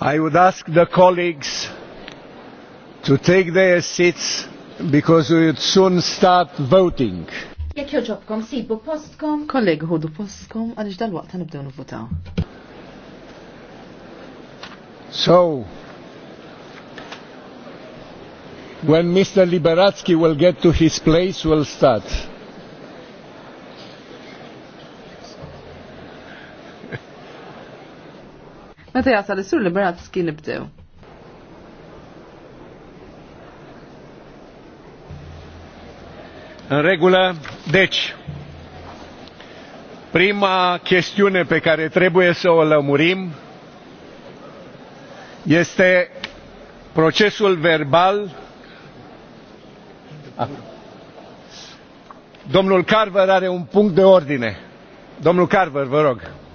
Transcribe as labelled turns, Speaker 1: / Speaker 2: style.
Speaker 1: I would ask the colleagues to take their seats because we would soon start voting.
Speaker 2: joġobkom sibu postkom, postkom dal-waqt
Speaker 3: So, when Mr. Liberatsky will get to his place, we'll start.
Speaker 4: Meta jasal is-sur Liberatski nibdew.
Speaker 5: În regulă, deci, prima chestiune pe care trebuie să o lămurim este procesul verbal ah. domnul carver are un punct de ordine domnul carver vă rog